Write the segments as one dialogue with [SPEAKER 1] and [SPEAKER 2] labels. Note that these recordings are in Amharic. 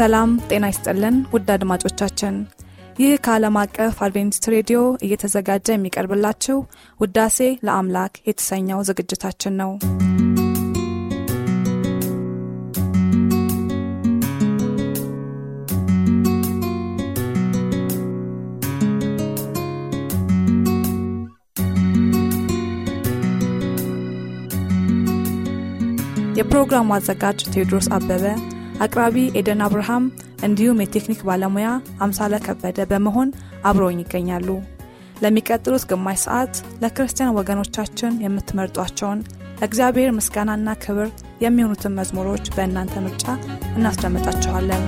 [SPEAKER 1] ሰላም ጤና ይስጥልን ውድ አድማጮቻችን ይህ ከዓለም አቀፍ አድቬንቲስት ሬዲዮ እየተዘጋጀ የሚቀርብላችው ውዳሴ ለአምላክ የተሰኘው ዝግጅታችን ነው የፕሮግራሙ አዘጋጅ ቴዎድሮስ አበበ አቅራቢ ኤደን አብርሃም እንዲሁም የቴክኒክ ባለሙያ አምሳለ ከበደ በመሆን አብረውኝ ይገኛሉ። ለሚቀጥሉት ግማሽ ሰዓት ለክርስቲያን ወገኖቻችን የምትመርጧቸውን እግዚአብሔር ምስጋናና ክብር የሚሆኑትን መዝሙሮች በእናንተ ምርጫ እናስደምጣችኋለን።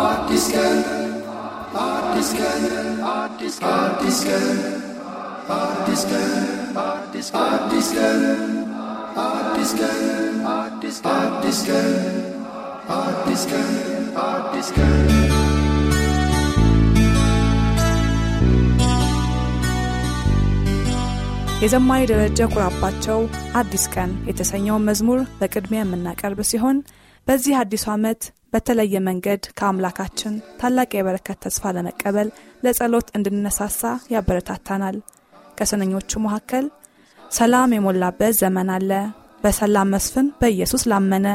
[SPEAKER 1] አዲስ ቀን
[SPEAKER 2] አዲስ ቀን አዲስ ቀን የዘማሪ
[SPEAKER 1] ደረጀ ኩራባቸው አዲስ ቀን የተሰኘውን መዝሙር በቅድሚያ የምናቀርብ ሲሆን በዚህ አዲሱ ዓመት በተለየ መንገድ ከአምላካችን ታላቅ የበረከት ተስፋ ለመቀበል ለጸሎት እንድንነሳሳ ያበረታታናል። ከስንኞቹ መካከል ሰላም የሞላበት ዘመን አለ በሰላም መስፍን በኢየሱስ ላመነ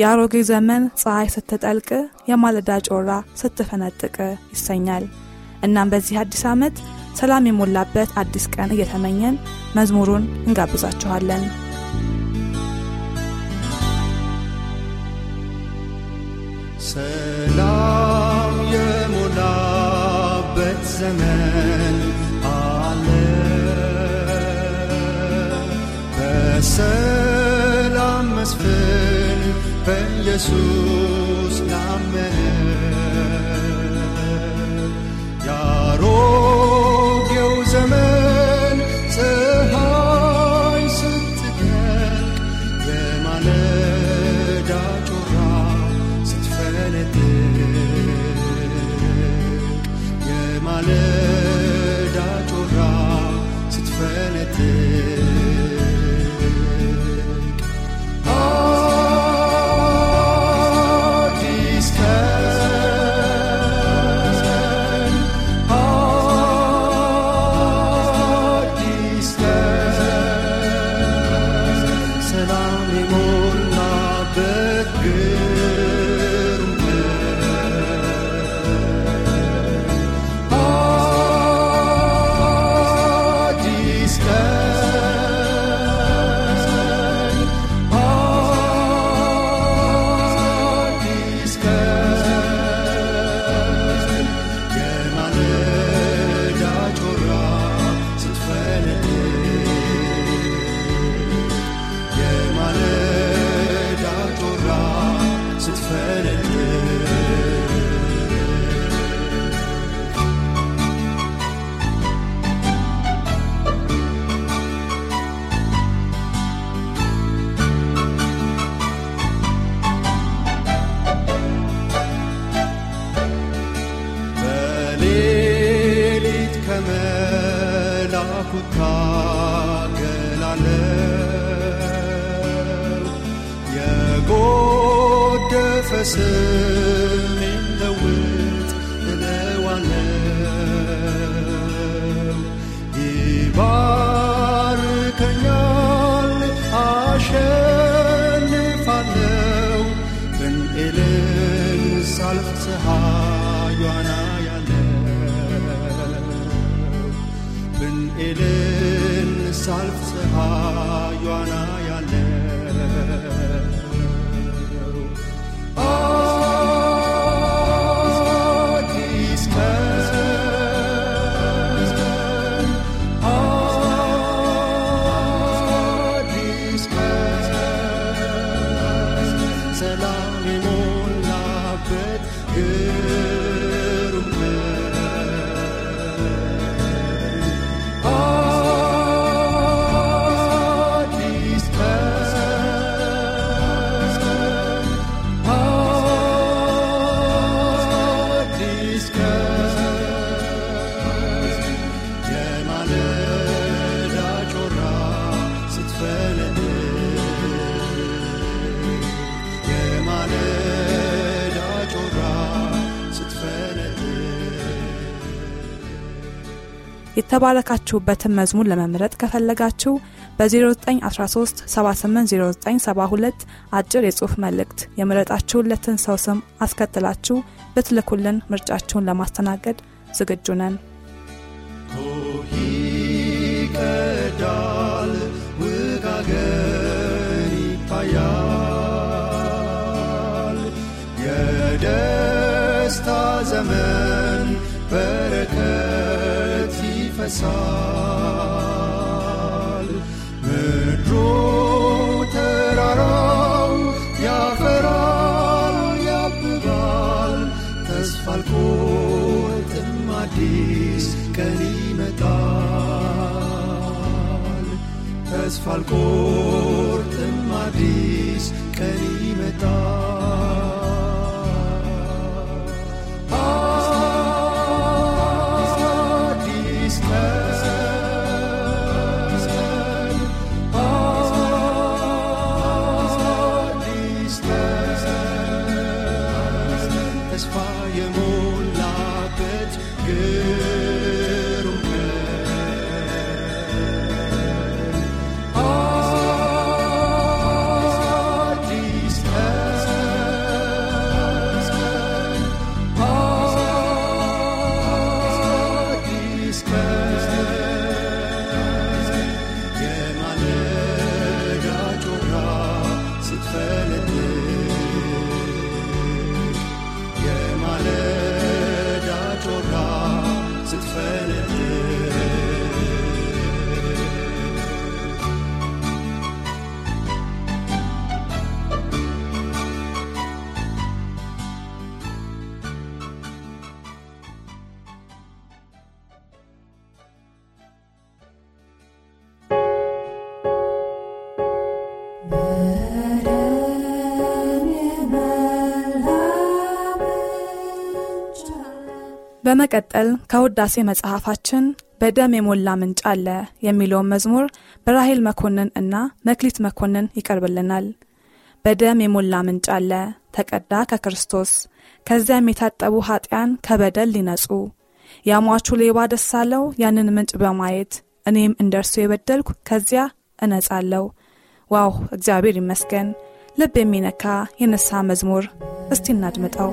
[SPEAKER 1] የአሮጌ ዘመን ፀሐይ ስትጠልቅ የማለዳ ጮራ ስትፈነጥቅ ይሰኛል እናም በዚህ አዲስ ዓመት ሰላም የሞላበት አዲስ ቀን እየተመኘን መዝሙሩን እንጋብዛችኋለን
[SPEAKER 3] ሰላም የሞላበት ዘመን selam mesfen ben Jesus namen Ya Rob Yerusalem ፀሐይ
[SPEAKER 4] ስትጠልቅ
[SPEAKER 3] የማለዳ ጮራ ስትፈነጥቅ የማለዳ ጮራ ስትፈነጥቅ
[SPEAKER 1] የተባረካችሁበትን መዝሙር ለመምረጥ ከፈለጋችሁ በ0913 789972 አጭር የጽሑፍ መልእክት የምረጣችሁለትን ሰው ስም አስከትላችሁ ብትልኩልን ምርጫችሁን ለማስተናገድ ዝግጁ ነን።
[SPEAKER 3] ይቀዳል ውጋገን ይታያል የደስታ ዘመን ይፈሳል። ምድሩ ተራራው ያፈራል ያብባል። ተስፋ አልቆርጥም አዲስ ቀን ይመጣል። ተስፋ አልቆርጥም አዲስ ቀን ይመጣል።
[SPEAKER 1] በመቀጠል ከውዳሴ መጽሐፋችን በደም የሞላ ምንጭ አለ የሚለውን መዝሙር በራሄል መኮንን እና መክሊት መኮንን ይቀርብልናል። በደም የሞላ ምንጭ አለ ተቀዳ ከክርስቶስ ከዚያም የታጠቡ ኀጢያን ከበደል ሊነጹ ያሟቹ ሌባ ደስ አለው ያንን ምንጭ በማየት እኔም እንደ እርሱ የበደልኩ ከዚያ እነጻለሁ። ዋው! እግዚአብሔር ይመስገን። ልብ የሚነካ የነሳ መዝሙር። እስቲ እናድምጠው።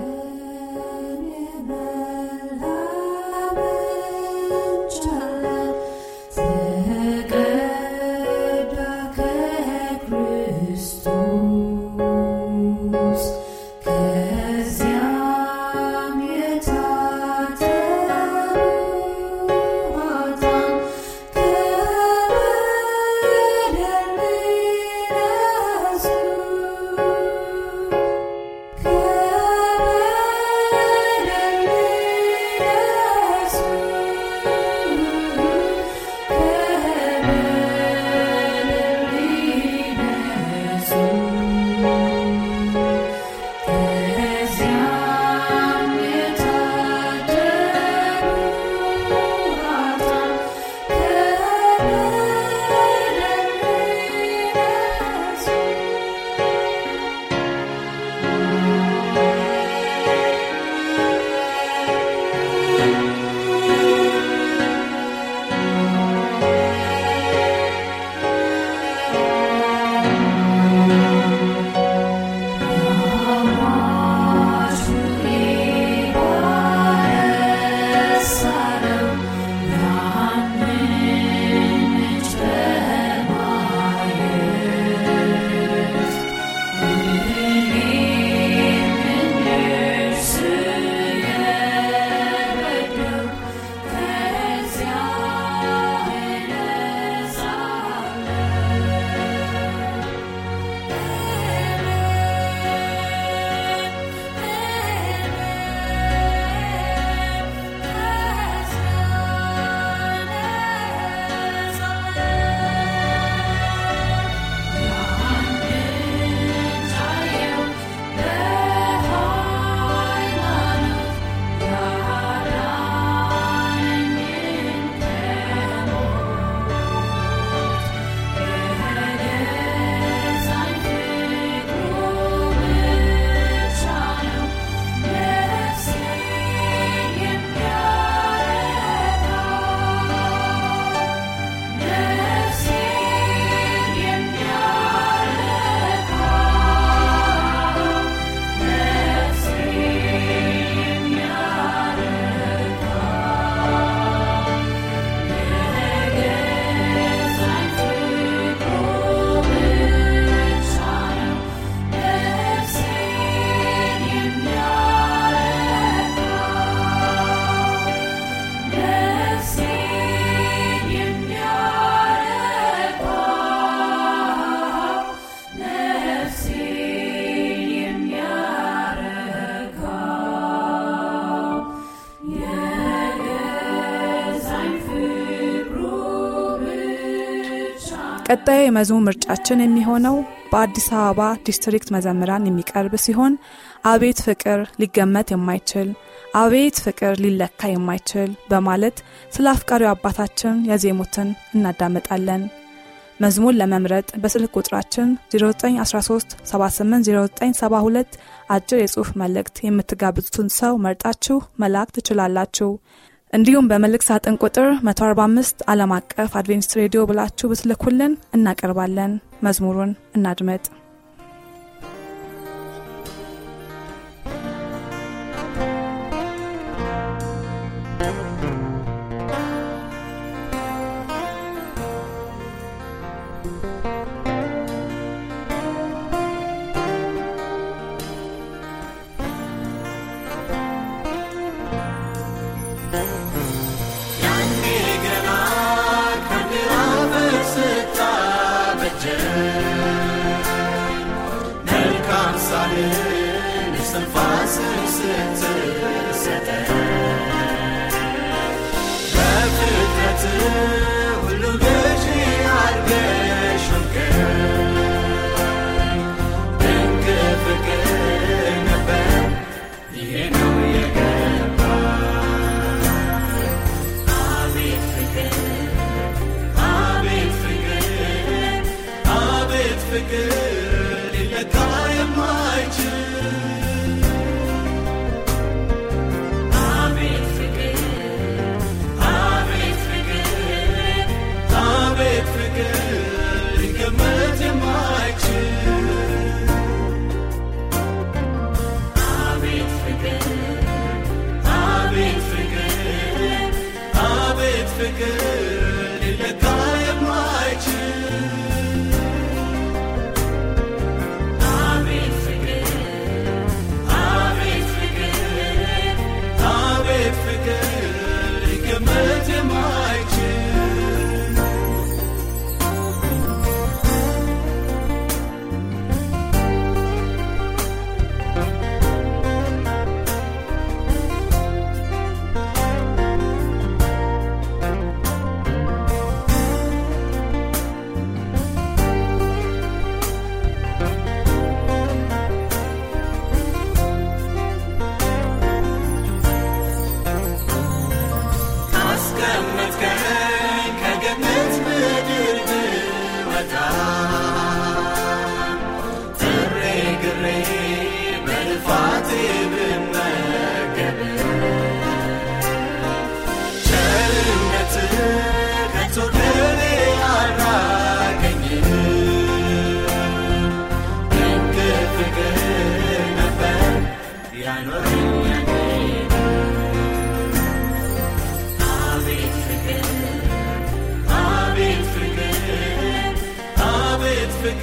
[SPEAKER 1] ቀጣዩ የመዝሙር ምርጫችን የሚሆነው በአዲስ አበባ ዲስትሪክት መዘምራን የሚቀርብ ሲሆን አቤት ፍቅር ሊገመት የማይችል አቤት ፍቅር ሊለካ የማይችል በማለት ስለ አፍቃሪው አባታችን ያዜሙትን እናዳምጣለን። መዝሙር ለመምረጥ በስልክ ቁጥራችን 0913780972 አጭር የጽሑፍ መልእክት የምትጋብዙትን ሰው መርጣችሁ መላክ ትችላላችሁ። እንዲሁም በመልእክት ሳጥን ቁጥር 145 ዓለም አቀፍ አድቬንስት ሬዲዮ ብላችሁ ብትልኩልን እናቀርባለን። መዝሙሩን እናድመጥ።
[SPEAKER 4] فكري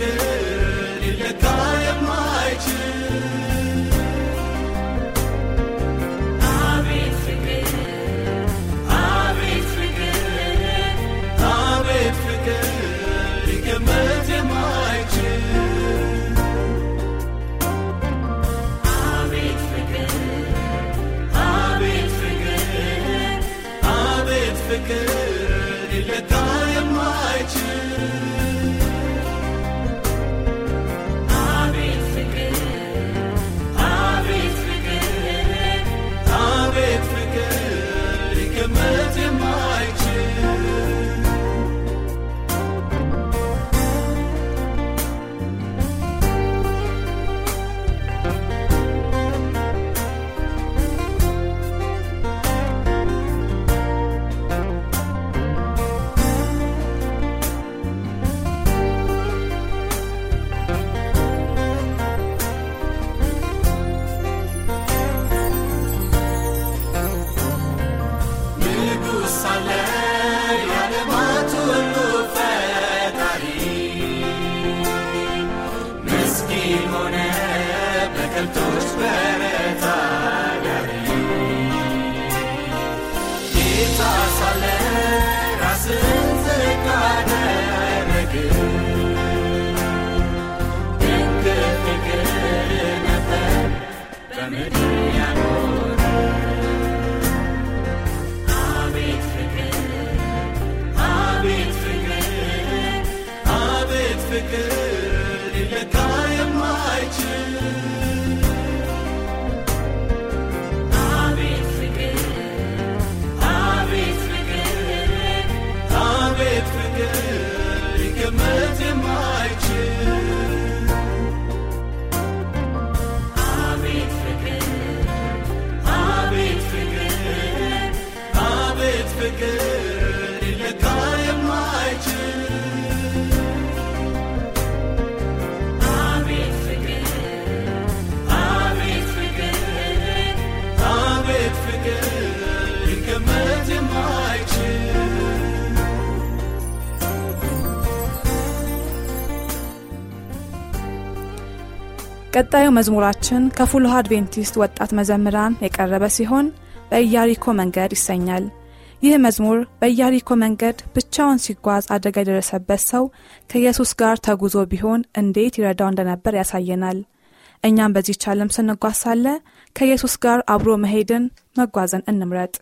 [SPEAKER 4] gönül ile kal.
[SPEAKER 1] የዛሬው መዝሙራችን ከፉልሃ አድቬንቲስት ወጣት መዘምራን የቀረበ ሲሆን በኢያሪኮ መንገድ ይሰኛል። ይህ መዝሙር በኢያሪኮ መንገድ ብቻውን ሲጓዝ አደጋ የደረሰበት ሰው ከኢየሱስ ጋር ተጉዞ ቢሆን እንዴት ይረዳው እንደነበር ያሳየናል። እኛም በዚህ ዓለም ስንጓሳለ ከኢየሱስ ጋር አብሮ መሄድን መጓዝን እንምረጥ።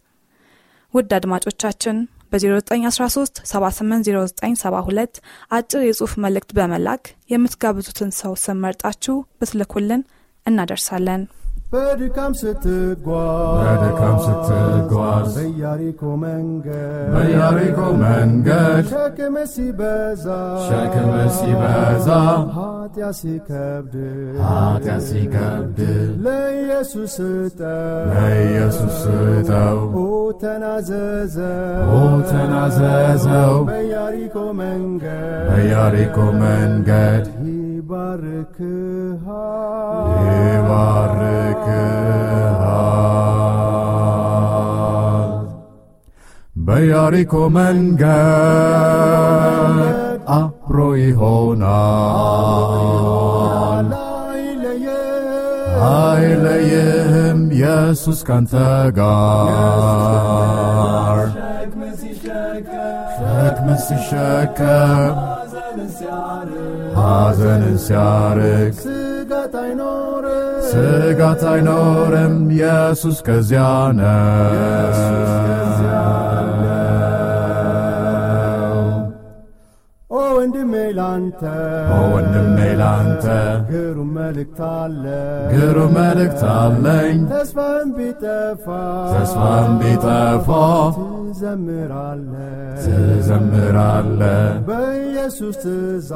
[SPEAKER 1] ውድ አድማጮቻችን በ0913 780972 አጭር የጽሑፍ መልእክት በመላክ የምትጋብዙትን ሰው ስም መርጣችሁ ብትልኩልን እናደርሳለን።
[SPEAKER 3] በድካም ስትጓዝ
[SPEAKER 5] በድካም ስትጓዝ
[SPEAKER 3] በያሪኮ መንገድ
[SPEAKER 5] በያሪኮ መንገድ
[SPEAKER 3] ሸክም ሲበዛ ሸክም ሲበዛ ኃጢያ ሲከብድ ኃጢያ ሲከብድ ለኢየሱስ ስጠው
[SPEAKER 5] ለኢየሱስ ስጠው ኦ ተናዘዘው ኦ ተናዘዘው በያሪኮ መንገድ በያሪኮ መንገድ ይባርክሃል። በያሪኮ መንገድ አብሮ ይሆናል።
[SPEAKER 6] አይለየህም
[SPEAKER 5] ኢየሱስ ካንተ ጋር
[SPEAKER 6] ሸክምን ሲሸከም ሐዘንን
[SPEAKER 5] ሲያርግ ስጋት አይኖርም ስጋት አይኖርም ኢየሱስ ከዚያ ነው
[SPEAKER 3] ላንተ ወንድሜ ላንተ ግሩም መልእክት አለ ግሩም መልእክት አለኝ ተስፋም ቢጠፋ ተስፋም ቢጠፋ ትዘምራለ
[SPEAKER 5] ትዘምራለ
[SPEAKER 3] በኢየሱስ ትእዛዝ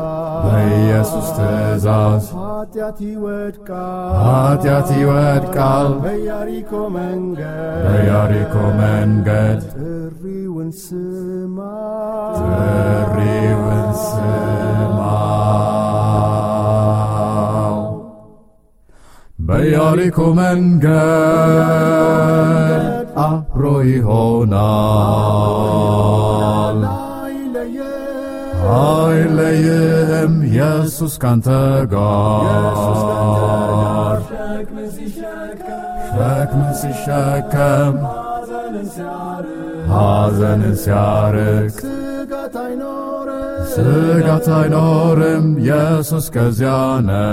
[SPEAKER 5] በኢየሱስ ትእዛዝ ኃጢአት
[SPEAKER 3] ይወድቃል ኃጢአት ይወድቃል በያሪኮ መንገድ
[SPEAKER 5] በያሪኮ መንገድ ጥሪ ጥሪውን ስማ ጥሪውን ስማው
[SPEAKER 1] በያሪኮ
[SPEAKER 5] መንገድ አብሮ ይሆናል አይለይህም ኢየሱስ ካንተ ጋር
[SPEAKER 6] ሸክም ሲሸከም ሐዘን
[SPEAKER 5] ሲያርቅ ስጋት አይኖርም። ኢየሱስ ከዚያ ነው።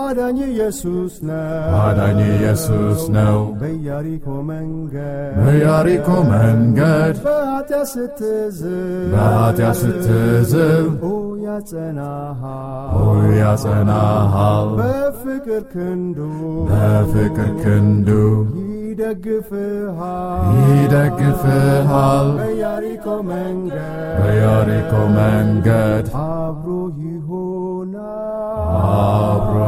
[SPEAKER 3] አዳኝ ኢየሱስ ነው። አዳኝ ኢየሱስ ነው። በያሪኮ መንገድ በያሪኮ መንገድ በኃጢያ ስትዝብ በኃጢያ ስትዝብ ያጸናሃል
[SPEAKER 5] ሆይ ያጸናሃል በፍቅር
[SPEAKER 3] ክንዱ በፍቅር ክንዱ ይደግፍሃል ይደግፍሃል በያሪኮ
[SPEAKER 6] መንገድ
[SPEAKER 5] በያሪኮ መንገድ
[SPEAKER 6] አብሮ ይሆናል
[SPEAKER 5] አብሮ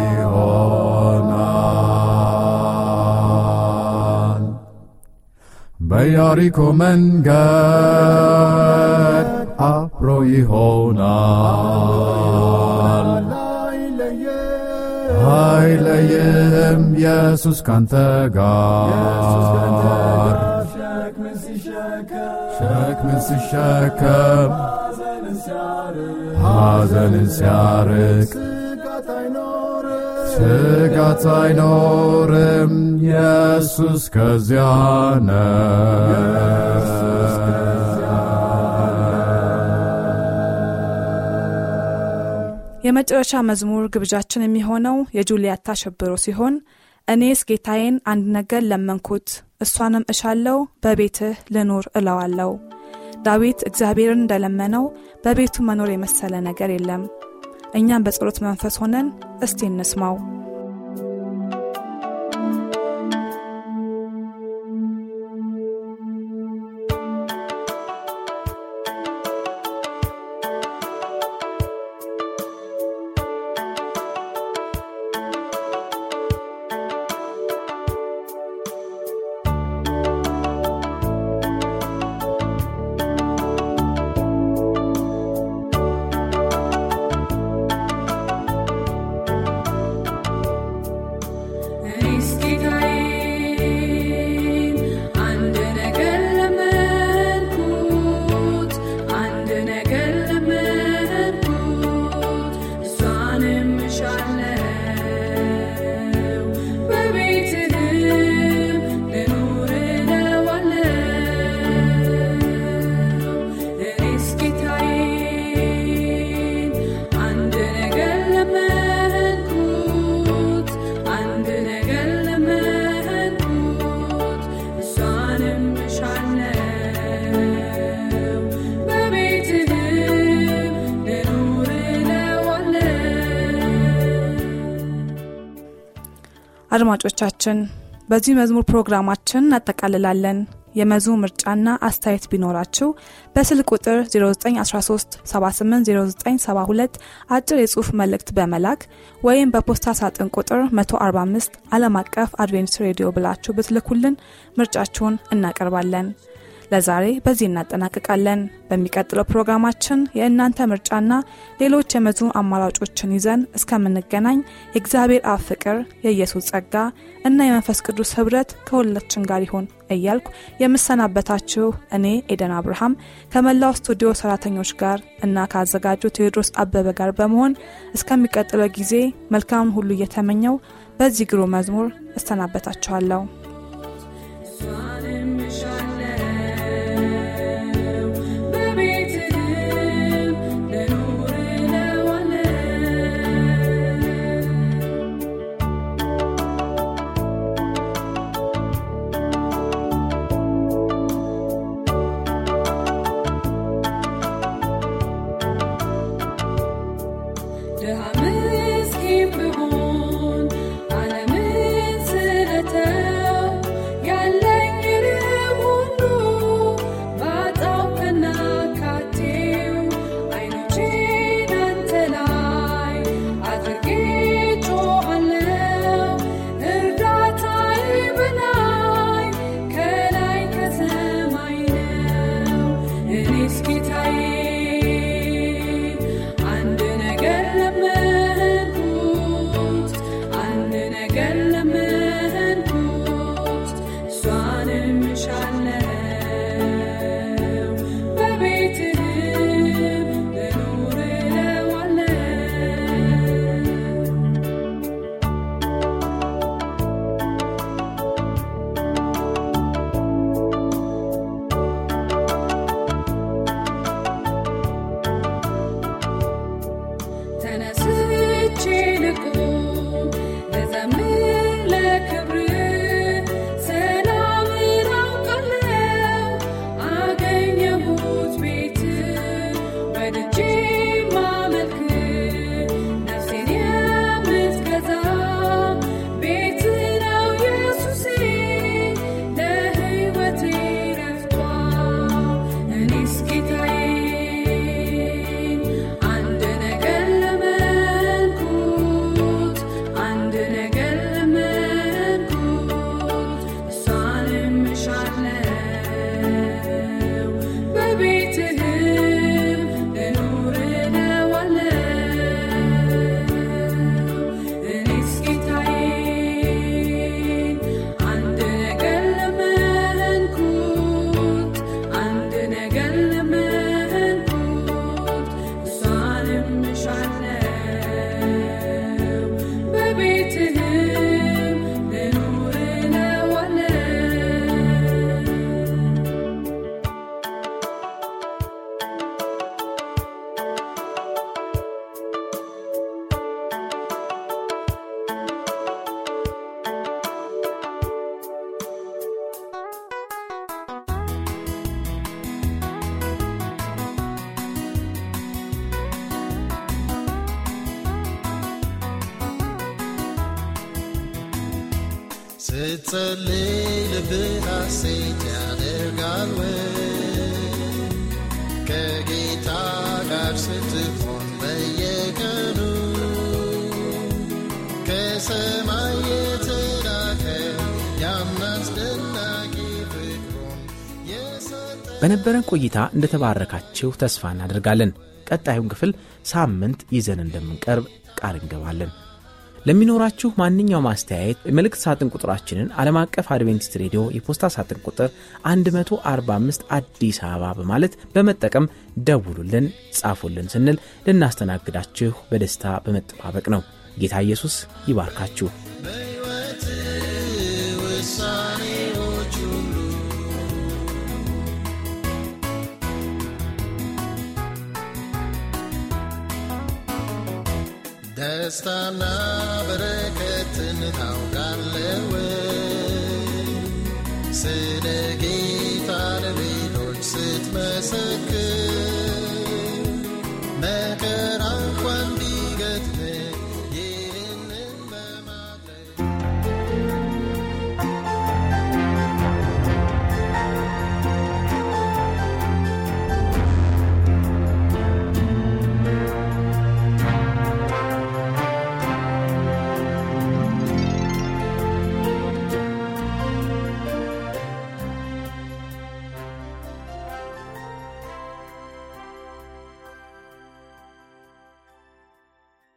[SPEAKER 5] ይሆናል በያሪኮ መንገድ አብሮ ይሆናል።
[SPEAKER 6] አይለይም
[SPEAKER 5] ኢየሱስ ካንተ ጋር
[SPEAKER 6] ሸክምን ሲሸከም ሐዘንን
[SPEAKER 5] ሲያርቅ ስጋት አይኖርም። ኢየሱስ ከዚያ ነው።
[SPEAKER 1] የመጨረሻ መዝሙር ግብዣችን የሚሆነው የጁልያታ ሽብሮ ሲሆን እኔስ ጌታዬን አንድ ነገር ለመንኩት እሷንም እሻለው በቤትህ ልኑር እለዋለው ዳዊት እግዚአብሔርን እንደለመነው በቤቱ መኖር የመሰለ ነገር የለም እኛም በጸሎት መንፈስ ሆነን እስቲ እንስማው አድማጮቻችን በዚህ መዝሙር ፕሮግራማችን እናጠቃልላለን። የመዝሙር ምርጫና አስተያየት ቢኖራችሁ በስልክ ቁጥር 0913 780972 አጭር የጽሑፍ መልእክት በመላክ ወይም በፖስታ ሳጥን ቁጥር 145 ዓለም አቀፍ አድቬንስ ሬዲዮ ብላችሁ ብትልኩልን ምርጫችሁን እናቀርባለን። ለዛሬ በዚህ እናጠናቅቃለን። በሚቀጥለው ፕሮግራማችን የእናንተ ምርጫና ሌሎች የመዝሙር አማራጮችን ይዘን እስከምንገናኝ የእግዚአብሔር አብ ፍቅር፣ የኢየሱስ ጸጋ እና የመንፈስ ቅዱስ ኅብረት ከሁላችን ጋር ይሁን እያልኩ የምሰናበታችሁ እኔ ኤደን አብርሃም ከመላው ስቱዲዮ ሰራተኞች ጋር እና ከአዘጋጁ ቴዎድሮስ አበበ ጋር በመሆን እስከሚቀጥለው ጊዜ መልካም ሁሉ እየተመኘው በዚህ ግሩም መዝሙር እሰናበታችኋለሁ።
[SPEAKER 3] ስትጸልይ ልብህ ሐሴት ያደርጋልወይ ከጌታ ጋር ስትሆን በየቀኑ ከሰማይ የተላከ ያምናስደናቂ ፍቅሩን
[SPEAKER 1] በነበረን ቆይታ እንደተባረካችሁ ተስፋ እናደርጋለን። ቀጣዩን ክፍል ሳምንት ይዘን እንደምንቀርብ ቃል እንገባለን። ለሚኖራችሁ ማንኛውም አስተያየት መልእክት ሳጥን ቁጥራችንን ዓለም አቀፍ አድቬንቲስት ሬዲዮ የፖስታ ሳጥን ቁጥር 145 አዲስ አበባ በማለት በመጠቀም ደውሉልን፣ ጻፉልን ስንል ልናስተናግዳችሁ በደስታ በመጠባበቅ ነው። ጌታ ኢየሱስ ይባርካችሁ።
[SPEAKER 3] ደስታና በረከትን ታውቃለህ ስለ ጌታ ለሌሎች ስትመሰክር